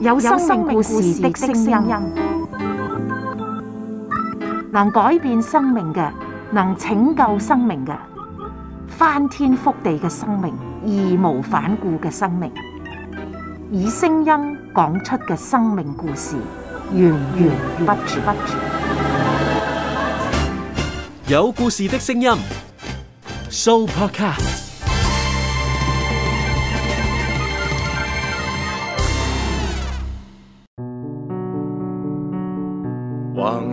有生命故事的聲音，能改變生命嘅，能拯救生命嘅，翻天覆地嘅生命，義無反顧嘅生命，以聲音講出嘅生命故事，源源不絕。有故事的聲音，Soupercast。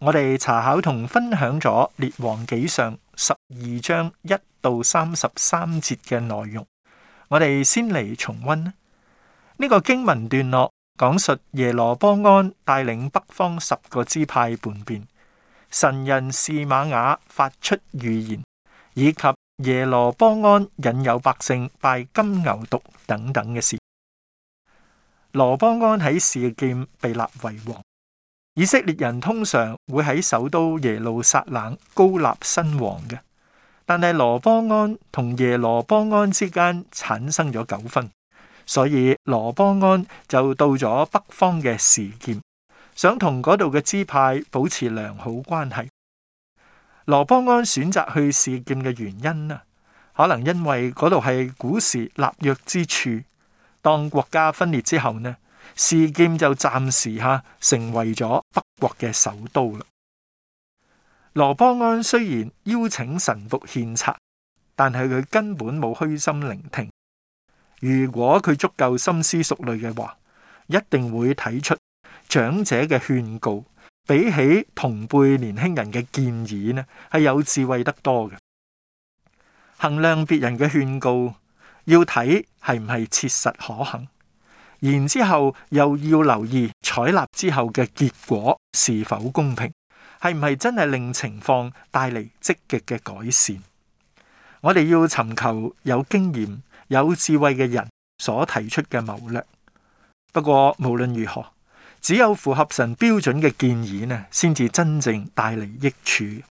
我哋查考同分享咗《列王紀》上十二章一到三十三節嘅內容，我哋先嚟重溫呢、這個經文段落，講述耶羅波安帶領北方十個支派叛變，神人士馬雅發出預言，以及耶羅波安引誘百姓拜金牛犢等等嘅事。羅波安喺事件被立為王。以色列人通常會喺首都耶路撒冷高立新王嘅，但係羅波安同耶羅波安之間產生咗糾紛，所以羅波安就到咗北方嘅示劍，想同嗰度嘅支派保持良好關係。羅波安選擇去示劍嘅原因啊，可能因為嗰度係古時立約之處。當國家分裂之後呢，示劍就暫時吓成為咗北國嘅首都啦。羅波安雖然邀請臣服獻策，但係佢根本冇虛心聆聽。如果佢足夠深思熟慮嘅話，一定會睇出長者嘅勸告比起同輩年輕人嘅建議呢，係有智慧得多嘅。衡量別人嘅勸告，要睇係唔係切實可行。然之後又要留意採納之後嘅結果是否公平，係唔係真係令情況帶嚟積極嘅改善？我哋要尋求有經驗、有智慧嘅人所提出嘅謀略。不過無論如何，只有符合神標準嘅建議呢，先至真正帶嚟益處。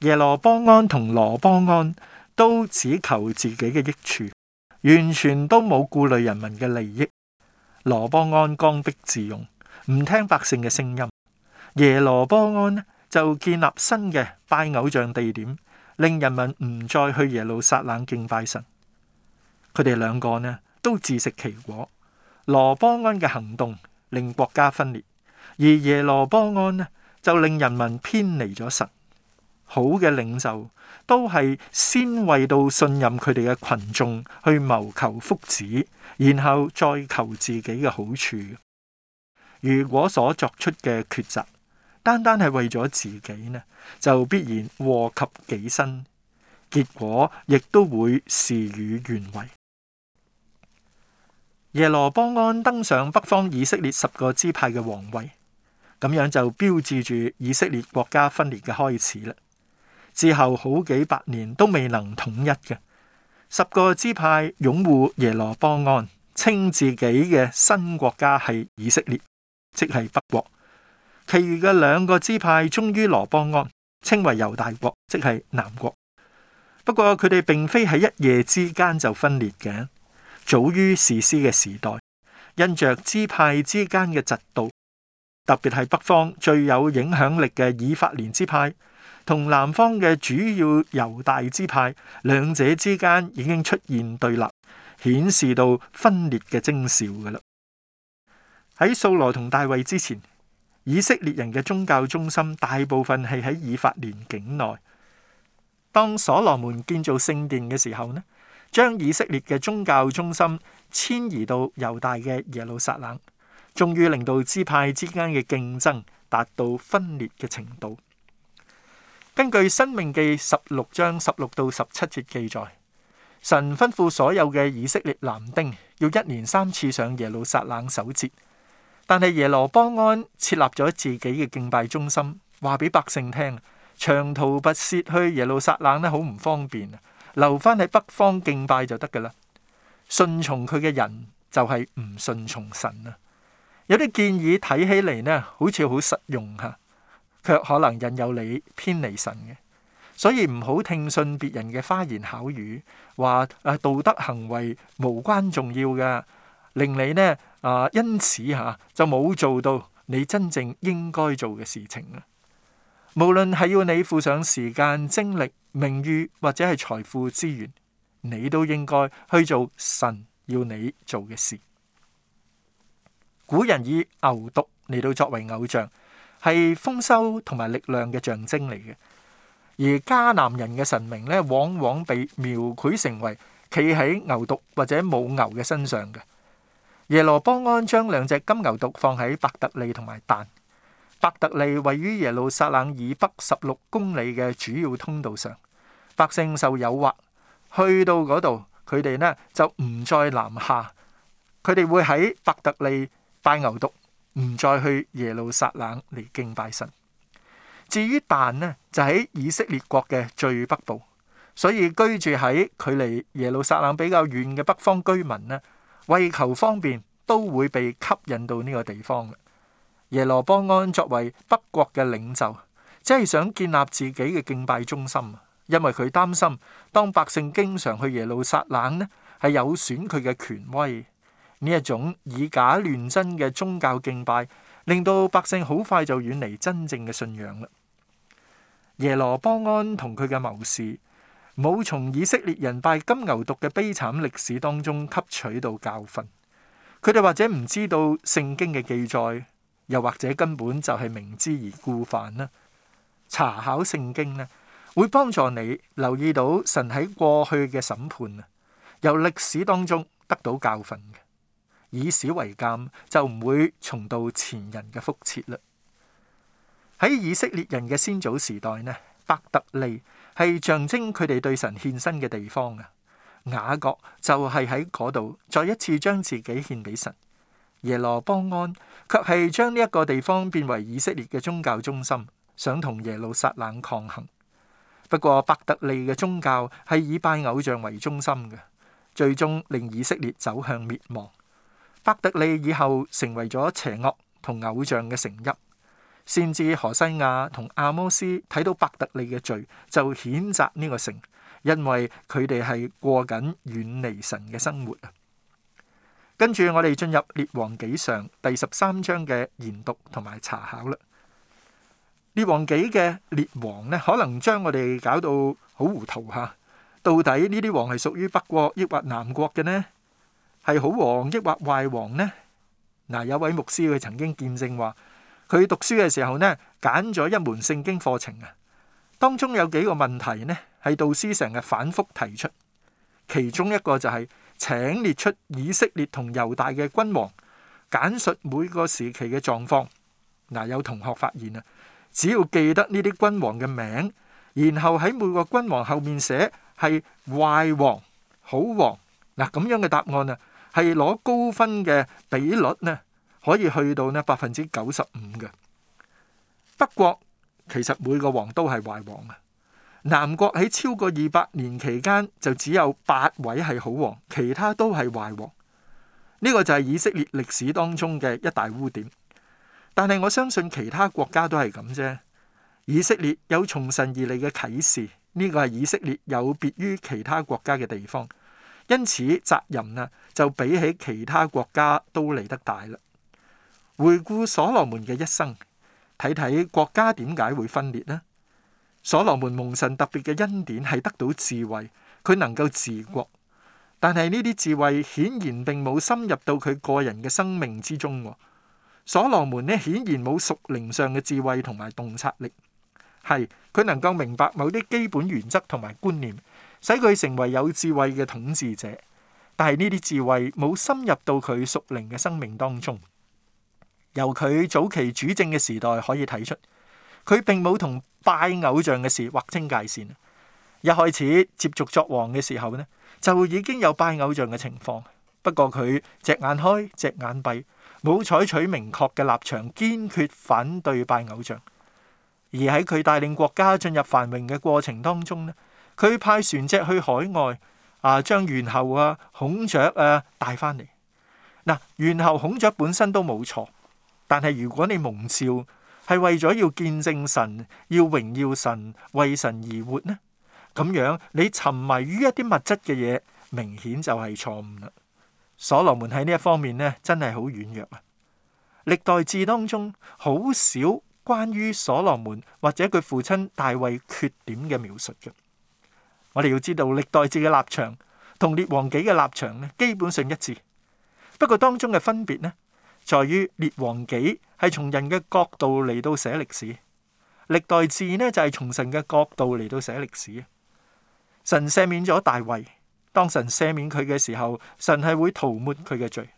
耶羅波安同羅波安都只求自己嘅益處。完全都冇顧慮人民嘅利益，羅波安剛愎自用，唔聽百姓嘅聲音。耶羅波安就建立新嘅拜偶像地點，令人民唔再去耶路撒冷敬拜神。佢哋兩個呢都自食其果，羅波安嘅行動令國家分裂，而耶羅波安呢就令人民偏離咗神。好嘅領袖，都係先為到信任佢哋嘅群眾去謀求福祉，然後再求自己嘅好處。如果所作出嘅抉擇單單係為咗自己呢，就必然禍及己身，結果亦都會事與願違。耶羅波安登上北方以色列十個支派嘅皇位，咁樣就標誌住以色列國家分裂嘅開始啦。之後好幾百年都未能統一嘅十個支派擁護耶羅波安，稱自己嘅新國家係以色列，即係北國。其餘嘅兩個支派忠於羅波安，稱為猶大國，即係南國。不過佢哋並非喺一夜之間就分裂嘅，早於士師嘅時代，因着支派之間嘅嫉妒，特別係北方最有影響力嘅以法蓮支派。同南方嘅主要猶大支派，兩者之間已經出現對立，顯示到分裂嘅徵兆㗎喇。喺掃羅同大衛之前，以色列人嘅宗教中心大部分係喺以法蓮境內。當所羅門建造聖殿嘅時候呢，將以色列嘅宗教中心遷移到猶大嘅耶路撒冷，終於令到支派之間嘅競爭達到分裂嘅程度。根據《申命記》十六章十六到十七節記載，神吩咐所有嘅以色列男丁要一年三次上耶路撒冷守節，但係耶羅波安設立咗自己嘅敬拜中心，話俾百姓聽：長途跋涉去耶路撒冷咧，好唔方便啊，留翻喺北方敬拜就得噶啦。順從佢嘅人就係唔順從神啊。有啲建議睇起嚟呢，好似好實用吓。卻可能引誘你偏離神嘅，所以唔好聽信別人嘅花言巧語，話誒道德行為無關重要嘅，令你呢，啊、呃、因此吓、啊、就冇做到你真正應該做嘅事情啦。無論係要你付上時間、精力、名譽或者係財富資源，你都應該去做神要你做嘅事。古人以牛犢嚟到作為偶像。係豐收同埋力量嘅象徵嚟嘅，而迦南人嘅神明咧，往往被描繪成為企喺牛犢或者母牛嘅身上嘅。耶羅波安將兩隻金牛犢放喺伯特利同埋但，伯特利位於耶路撒冷以北十六公里嘅主要通道上，百姓受誘惑去到嗰度，佢哋呢就唔再南下，佢哋會喺伯特利拜牛犢。唔再去耶路撒冷嚟敬拜神。至於但呢，就喺以色列國嘅最北部，所以居住喺距離耶路撒冷比較遠嘅北方居民呢，為求方便，都會被吸引到呢個地方啦。耶羅波安作為北國嘅領袖，即係想建立自己嘅敬拜中心，因為佢擔心當百姓經常去耶路撒冷呢，係有損佢嘅權威。呢一種以假亂真嘅宗教敬拜，令到百姓好快就遠離真正嘅信仰啦。耶羅波安同佢嘅謀士冇從以色列人拜金牛犢嘅悲慘歷史當中吸取到教訓，佢哋或者唔知道聖經嘅記載，又或者根本就係明知而故犯啦。查考聖經咧，會幫助你留意到神喺過去嘅審判啊，由歷史當中得到教訓嘅。以史為鑑，就唔會重蹈前人嘅覆轍啦。喺以色列人嘅先祖時代呢，伯特利係象徵佢哋對神獻身嘅地方啊。雅各就係喺嗰度再一次將自己獻俾神。耶羅波安卻係將呢一個地方變為以色列嘅宗教中心，想同耶路撒冷抗衡。不過，伯特利嘅宗教係以拜偶像為中心嘅，最終令以色列走向滅亡。伯特利以後成為咗邪惡同偶像嘅城邑，先至荷西亞同阿摩斯睇到伯特利嘅罪，就譴責呢個城，因為佢哋係過緊遠離神嘅生活啊。跟住我哋進入列王紀上第十三章嘅研讀同埋查考啦。列王紀嘅列王呢，可能將我哋搞到好糊塗吓。到底呢啲王係屬於北國抑或南國嘅呢？係好王抑或壞王呢？嗱，有位牧師佢曾經見證話，佢讀書嘅時候呢，揀咗一門聖經課程啊，當中有幾個問題呢，係導師成日反復提出。其中一個就係，請列出以色列同猶大嘅君王，簡述每個時期嘅狀況。嗱，有同學發現啊，只要記得呢啲君王嘅名，然後喺每個君王後面寫係壞王、好王，嗱咁樣嘅答案啊。係攞高分嘅比率呢，可以去到呢百分之九十五嘅。北國其實每個王都係壞王啊。南國喺超過二百年期間，就只有八位係好王，其他都係壞王。呢、這個就係以色列歷史當中嘅一大污點。但係我相信其他國家都係咁啫。以色列有從神而嚟嘅啟示，呢、這個係以色列有別於其他國家嘅地方。因此責任啊，就比起其他國家都嚟得大嘞。回顧所羅門嘅一生，睇睇國家點解會分裂呢？所羅門蒙神特別嘅恩典係得到智慧，佢能夠治國。但係呢啲智慧顯然並冇深入到佢個人嘅生命之中。所羅門呢顯然冇屬靈上嘅智慧同埋洞察力，係佢能夠明白某啲基本原則同埋觀念，使佢成為有智慧嘅統治者，但係呢啲智慧冇深入到佢屬靈嘅生命當中。由佢早期主政嘅時代可以睇出，佢並冇同拜偶像嘅事劃清界線。一開始接續作王嘅時候呢，就已經有拜偶像嘅情況。不過佢隻眼開隻眼閉，冇採取明確嘅立場，堅決反對拜偶像。而喺佢帶領國家進入繁榮嘅過程當中呢，佢派船隻去海外，啊，將猿猴啊、孔雀啊帶翻嚟嗱。猿猴、元孔雀本身都冇錯，但係如果你蒙召係為咗要見證神、要榮耀神、為神而活呢，咁樣你沉迷於一啲物質嘅嘢，明顯就係錯誤啦。所羅門喺呢一方面呢，真係好軟弱啊。歷代志當中好少關於所羅門或者佢父親大衛缺點嘅描述嘅。我哋要知道歷代志嘅立場同列王紀嘅立場咧，基本上一致。不過當中嘅分別咧，在於列王紀係從人嘅角度嚟到寫歷史，歷代志咧就係從神嘅角度嚟到寫歷史。神赦免咗大衛，當神赦免佢嘅時候，神係會塗抹佢嘅罪，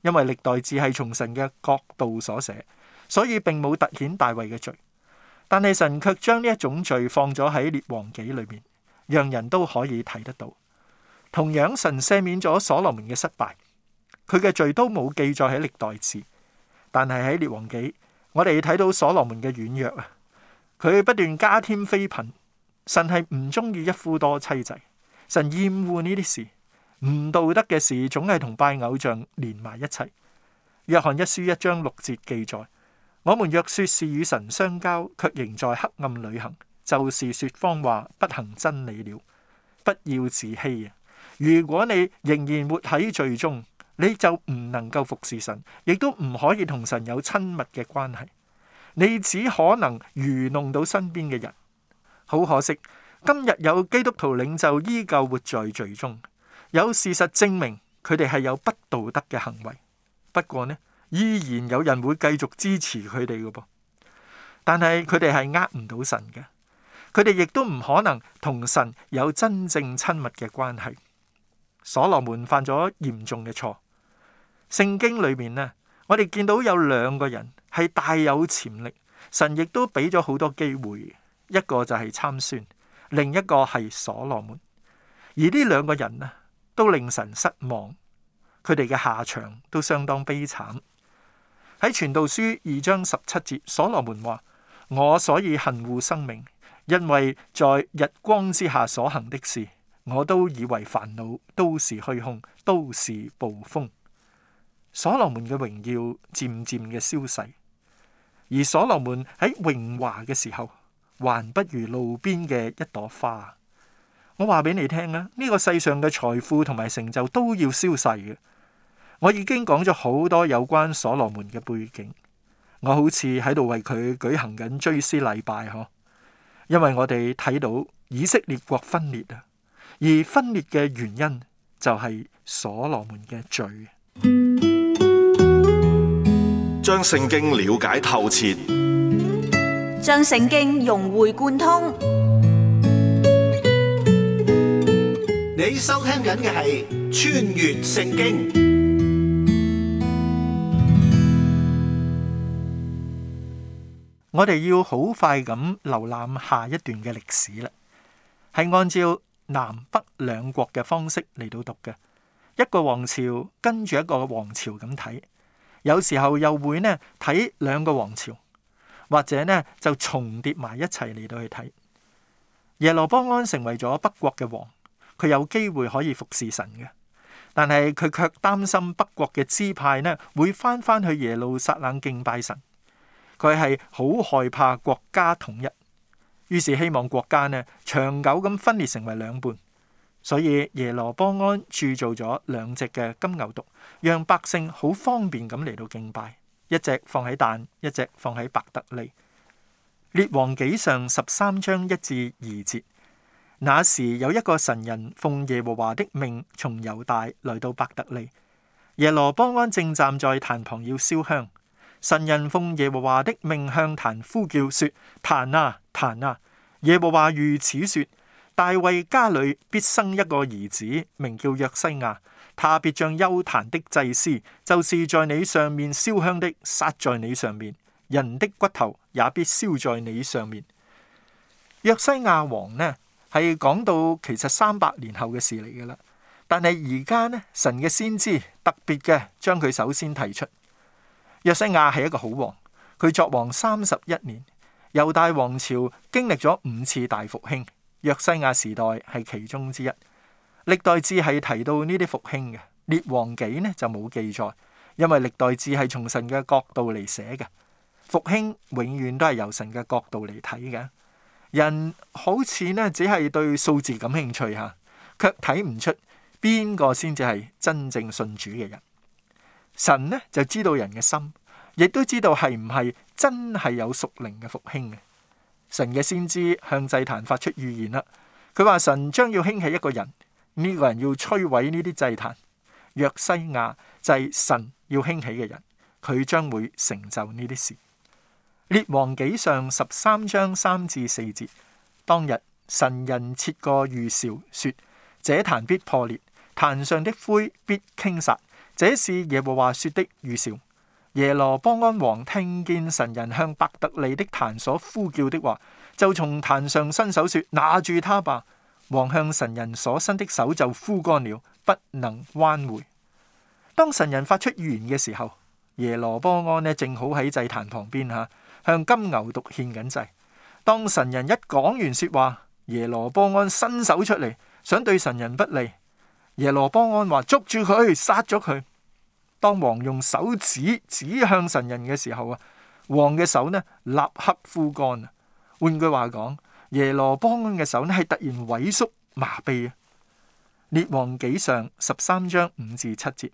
因為歷代志係從神嘅角度所寫，所以並冇凸顯大衛嘅罪。但係神卻將呢一種罪放咗喺列王紀裏面。讓人都可以睇得到。同樣，神赦免咗所羅門嘅失敗，佢嘅罪都冇記載喺歷代志。但係喺列王紀，我哋睇到所羅門嘅軟弱啊！佢不斷加添妃嬪，神係唔中意一夫多妻制，神厭惡呢啲事，唔道德嘅事總係同拜偶像連埋一齊。約翰一書一章六節記載：，我們若說是與神相交，卻仍在黑暗旅行。就是說謊話，不行真理了，不要自欺啊！如果你仍然活喺罪中，你就唔能夠服侍神，亦都唔可以同神有親密嘅關係。你只可能愚弄到身邊嘅人。好可惜，今日有基督徒領袖依舊活在罪中，有事實證明佢哋係有不道德嘅行為。不過呢，依然有人會繼續支持佢哋嘅噃，但係佢哋係呃唔到神嘅。佢哋亦都唔可能同神有真正親密嘅關係。所羅門犯咗嚴重嘅錯。聖經裏面呢，我哋見到有兩個人係大有潛力，神亦都俾咗好多機會。一個就係參孫，另一個係所羅門。而呢兩個人呢，都令神失望，佢哋嘅下場都相當悲慘。喺傳道書二章十七節，所羅門話：我所以恨惡生命。因為在日光之下所行的事，我都以為煩惱，都是虛空，都是暴風。所羅門嘅榮耀漸漸嘅消逝，而所羅門喺榮華嘅時候，還不如路邊嘅一朵花。我話俾你聽啊，呢個世上嘅財富同埋成就都要消逝嘅。我已經講咗好多有關所羅門嘅背景，我好似喺度為佢舉行緊追思禮拜，嗬。因為我哋睇到以色列國分裂啊，而分裂嘅原因就係所羅門嘅罪。將聖經了解透徹，將聖經融會貫通。你收聽緊嘅係《穿越聖經》。我哋要好快咁瀏覽下一段嘅歷史啦，係按照南北兩國嘅方式嚟到讀嘅。一個王朝跟住一個王朝咁睇，有時候又會呢睇兩個王朝，或者呢就重疊埋一齊嚟到去睇。耶羅波安成為咗北國嘅王，佢有機會可以服侍神嘅，但係佢卻擔心北國嘅支派呢會翻返去耶路撒冷敬拜神。佢係好害怕國家統一，於是希望國家呢長久咁分裂成為兩半。所以耶羅波安製造咗兩隻嘅金牛犢，讓百姓好方便咁嚟到敬拜。一隻放喺但，一隻放喺伯特利。列王紀上十三章一至二節，那時有一個神人奉耶和華的命從猶大來到伯特利，耶羅波安正站在壇旁要燒香。神人奉耶和華的命向壇呼叫說：壇啊壇啊，耶和華如此說：大衛家裏必生一個兒子，名叫約西亞。他必像丘壇的祭司，就是在你上面燒香的，殺在你上面。人的骨頭也必燒在你上面。約西亞王呢，係講到其實三百年後嘅事嚟嘅啦。但係而家呢，神嘅先知特別嘅將佢首先提出。約西亞係一個好王，佢作王三十一年，猶大王朝經歷咗五次大復興，約西亞時代係其中之一。歷代志係提到呢啲復興嘅，列王紀呢就冇記載，因為歷代志係從神嘅角度嚟寫嘅，復興永遠都係由神嘅角度嚟睇嘅。人好似呢，只係對數字感興趣吓，卻睇唔出邊個先至係真正信主嘅人。神呢就知道人嘅心，亦都知道係唔係真係有屬靈嘅復興嘅。神嘅先知向祭壇發出預言啦，佢話神將要興起一個人，呢、這個人要摧毀呢啲祭壇。約西亞就係神要興起嘅人，佢將會成就呢啲事。列王紀上十三章三至四節，當日神人設個預兆說：這壇必破裂，壇上的灰必傾撒。這是耶和華說的預兆。耶羅波安王聽見神人向伯特利的壇所呼叫的話，就從壇上伸手說：拿住他吧！王向神人所伸的手就枯乾了，不能彎回。當神人發出預言嘅時候，耶羅波安呢正好喺祭壇旁邊吓，向金牛犢獻緊祭。當神人一講完說話，耶羅波安伸手出嚟，想對神人不利。耶羅波安話捉住佢，殺咗佢。當王用手指指向神人嘅時候啊，王嘅手呢，立刻枯乾啊。換句話講，耶羅波安嘅手呢，係突然萎縮麻痹啊。列王紀上十三章五至七節，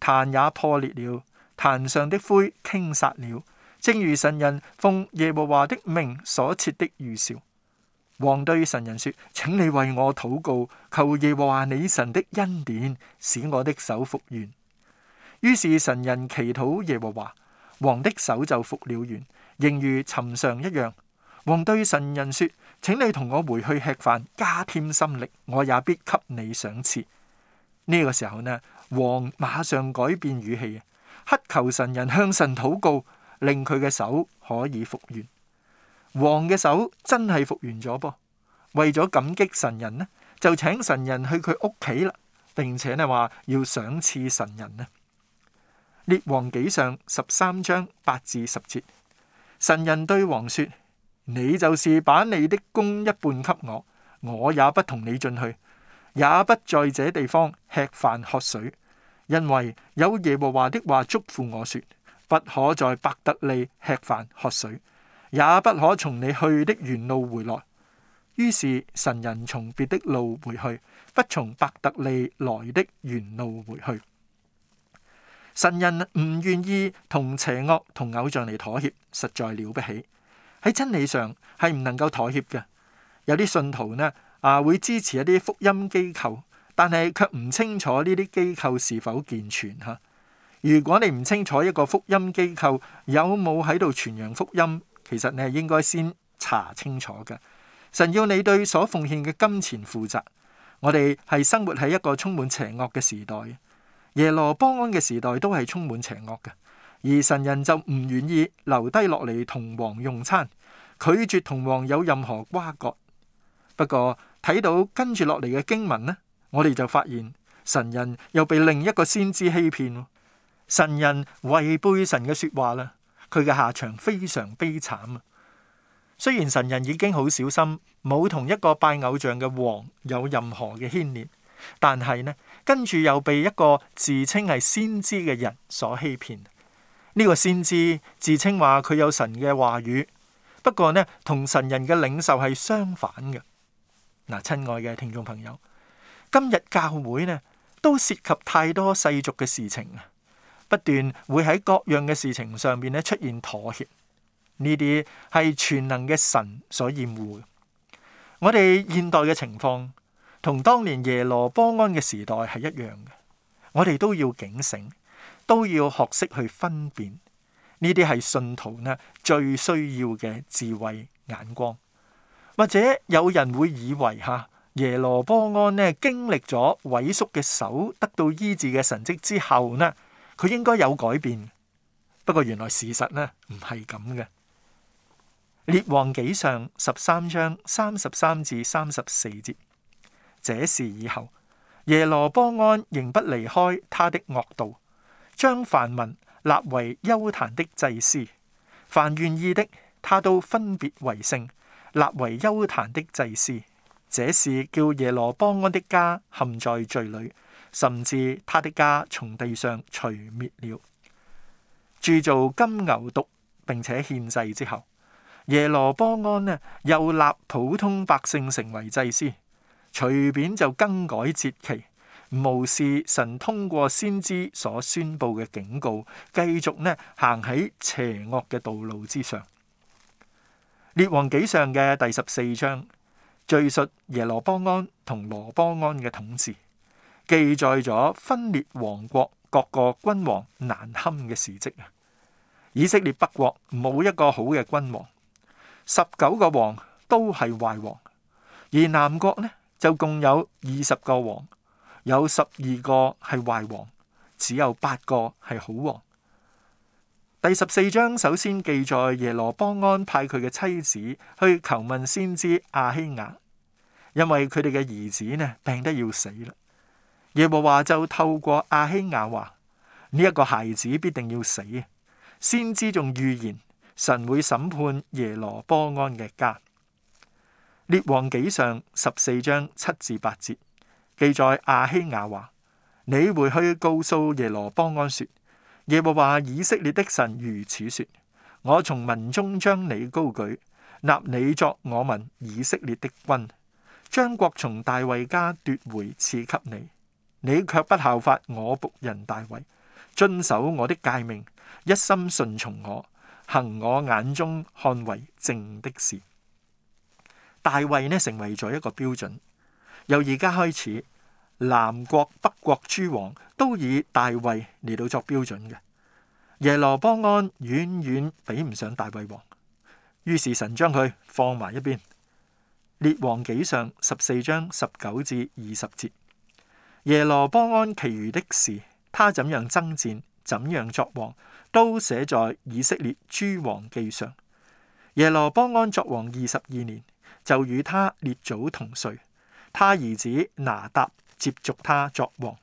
壇也破裂了，壇上的灰傾撒了，正如神人奉耶和華的命所設的預兆。王對神人說：請你為我禱告，求耶和華你神的恩典，使我的手復原。於是神人祈禱耶和華，王的手就復了原，仍如尋常一樣。王對神人說：請你同我回去吃飯，加添心力，我也必給你賞賜。呢、這個時候呢，王馬上改變語氣，乞求神人向神禱告，令佢嘅手可以復原。王嘅手真係復原咗噃，為咗感激神人呢，就請神人去佢屋企啦。並且呢話要賞賜神人呢。列王紀上十三章八至十節，神人對王說：你就是把你的宮一半給我，我也不同你進去，也不在這地方吃飯喝水，因為有耶和華的話祝福我說，說不可在伯特利吃飯喝水。也不可從你去的原路回來。於是神人從別的路回去，不從伯特利來的原路回去。神人唔願意同邪惡同偶像嚟妥協，實在了不起。喺真理上係唔能夠妥協嘅。有啲信徒呢啊會支持一啲福音機構，但係卻唔清楚呢啲機構是否健全吓。如果你唔清楚一個福音機構有冇喺度傳揚福音。其實你係應該先查清楚嘅。神要你對所奉獻嘅金錢負責。我哋係生活喺一個充滿邪惡嘅時代，耶羅波安嘅時代都係充滿邪惡嘅。而神人就唔願意留低落嚟同王用餐，拒絕同王有任何瓜葛。不過睇到跟住落嚟嘅經文呢，我哋就發現神人又被另一個先知欺騙，神人違背神嘅說話啦。佢嘅下場非常悲慘啊！雖然神人已經好小心，冇同一個拜偶像嘅王有任何嘅牽連，但係呢，跟住又被一個自稱係先知嘅人所欺騙。呢個先知自稱話佢有神嘅話語，不過呢，同神人嘅領袖係相反嘅。嗱，親愛嘅聽眾朋友，今日教會呢都涉及太多世俗嘅事情啊！不斷會喺各樣嘅事情上面咧，出現妥協，呢啲係全能嘅神所厭惡嘅。我哋現代嘅情況同當年耶羅波安嘅時代係一樣嘅，我哋都要警醒，都要學識去分辨，呢啲係信徒呢最需要嘅智慧眼光。或者有人會以為吓，耶羅波安咧經歷咗萎縮嘅手得到醫治嘅神跡之後呢？佢應該有改變，不過原來事實呢唔係咁嘅。列王紀上十三章三十三至三十四節，這事以後耶羅波安仍不離開他的惡道，將凡民立為邱壇的祭司，凡願意的他都分別為聖，立為邱壇的祭司。這事叫耶羅波安的家陷在罪裏。甚至他的家從地上除滅了，鑄造金牛犢，並且獻祭之後，耶羅波安呢又立普通百姓成為祭司，隨便就更改節期，無視神通過先知所宣布嘅警告，繼續呢行喺邪惡嘅道路之上。列王紀上嘅第十四章敘述耶羅波安同羅波安嘅統治。記載咗分裂王國各個君王難堪嘅事蹟啊！以色列北國冇一個好嘅君王，十九個王都係壞王；而南國呢就共有二十個王，有十二個係壞王，只有八個係好王。第十四章首先記載耶羅波安派佢嘅妻子去求問先知亞希雅，因為佢哋嘅兒子呢病得要死啦。耶和華就透過亞希雅話：呢、這、一個孩子必定要死。先知仲預言神會審判耶羅波安嘅家。列王紀上十四章七至八節記載亞希雅話：你回去告訴耶羅波安說：耶和華以色列的神如此說：我從民中將你高舉，立你作我民以色列的君，將國從大衛家奪回賜給你。你卻不效法我僕人大衛，遵守我的誡命，一心順從我，行我眼中看為正的事。大衛呢成為咗一個標準，由而家開始，南國北國諸王都以大衛嚟到作標準嘅。耶羅波安遠遠遠比唔上大衛王，於是神將佢放埋一邊。列王紀上十四章十九至二十節。耶羅波安其餘的事，他怎樣爭戰，怎樣作王，都寫在以色列諸王記上。耶羅波安作王二十二年，就與他列祖同睡，他兒子拿答接續他作王。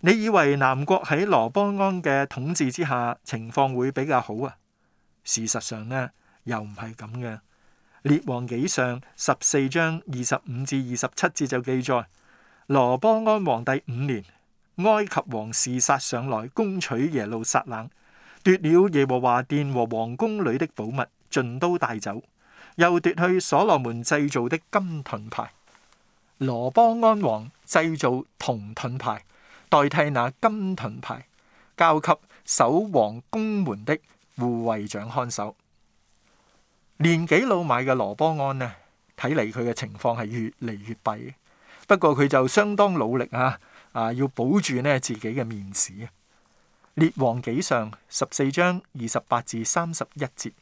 你以為南國喺羅波安嘅統治之下情況會比較好啊？事實上呢，又唔係咁嘅。列王記上十四章二十五至二十七節就記載。羅波安王第五年，埃及王示撒上來攻取耶路撒冷，奪了耶和華殿和王宮裏的寶物，盡都帶走，又奪去所羅門製造的金盾牌。羅波安王製造銅盾牌，代替那金盾牌，交給守王宮門的護衛長看守。年紀老邁嘅羅波安呢，睇嚟佢嘅情況係越嚟越弊。不過佢就相當努力啊！啊，要保住呢自己嘅面子。列王記上十四章二十八至三十一節，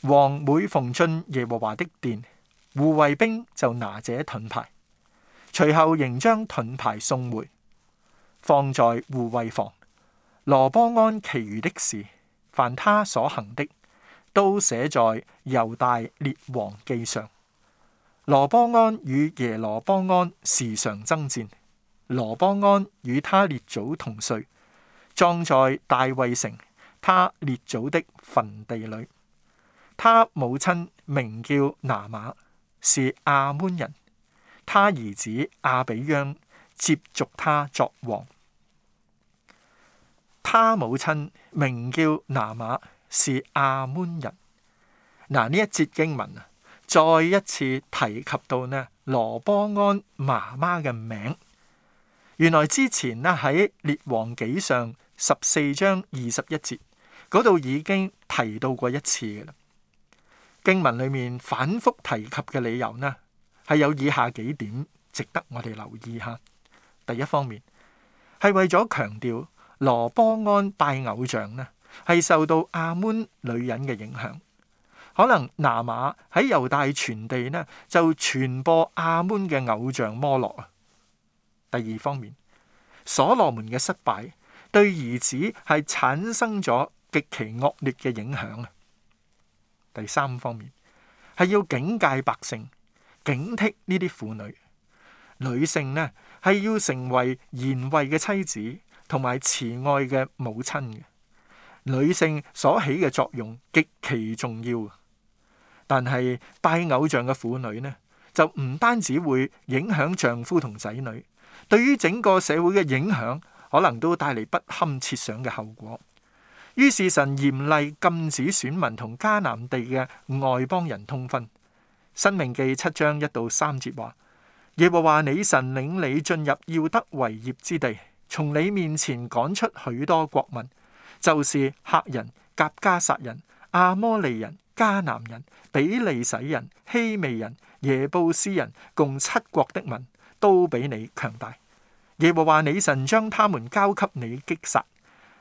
王每逢進耶和華的殿，護衛兵就拿這盾牌，隨後仍將盾牌送回，放在護衛房。羅波安其餘的事，凡他所行的，都寫在猶大列王記上。羅邦安與耶羅邦安時常爭戰。羅邦安與他列祖同睡，葬在大衛城他列祖的墳地裏。他母親名叫拿馬，是亞捫人。他兒子亞比央接續他作王。他母親名叫拿馬，是亞捫人。嗱，呢一節經文啊。再一次提及到呢羅波安媽媽嘅名，原來之前呢喺列王紀上十四章二十一節嗰度已經提到過一次嘅啦。經文裏面反複提及嘅理由呢，係有以下幾點值得我哋留意下。第一方面係為咗強調羅波安拜偶像呢，係受到阿門女人嘅影響。可能拿馬喺猶大全地呢，就傳播亞捫嘅偶像摩洛啊。第二方面，所羅門嘅失敗對兒子係產生咗極其惡劣嘅影響啊。第三方面係要警戒百姓，警惕呢啲婦女女性呢，係要成為賢惠嘅妻子，同埋慈愛嘅母親嘅。女性所起嘅作用極其重要。但係拜偶像嘅婦女呢，就唔單止會影響丈夫同仔女，對於整個社會嘅影響，可能都帶嚟不堪設想嘅後果。於是神嚴厲禁止選民同迦南地嘅外邦人通婚。申命記七章一到三節話：耶和華你神領你進入要得為業之地，從你面前趕出許多國民，就是赫人、革迦撒人、亞摩利人。迦南人、比利洗人、希未人、耶布斯人，共七國的民都比你強大。耶和華你神將他們交給你擊殺，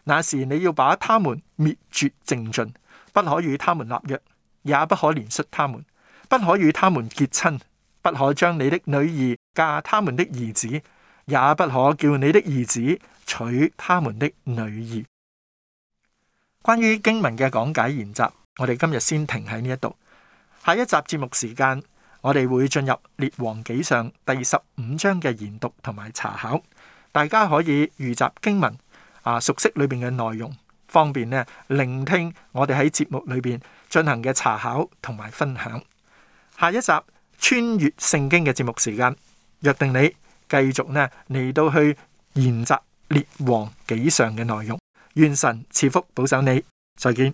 那時你要把他們滅絕淨盡，不可與他們立約，也不可憐恤他們，不可與他們結親，不可將你的女兒嫁他們的兒子，也不可叫你的兒子娶他們的女兒。關於經文嘅講解研習。我哋今日先停喺呢一度，下一集節目時間，我哋會進入《列王紀上》第十五章嘅研讀同埋查考，大家可以預習經文，啊熟悉裏邊嘅內容，方便呢聆聽我哋喺節目裏邊進行嘅查考同埋分享。下一集穿越聖經嘅節目時間，約定你繼續呢嚟到去研習《列王紀上》嘅內容。願神賜福保守你，再見。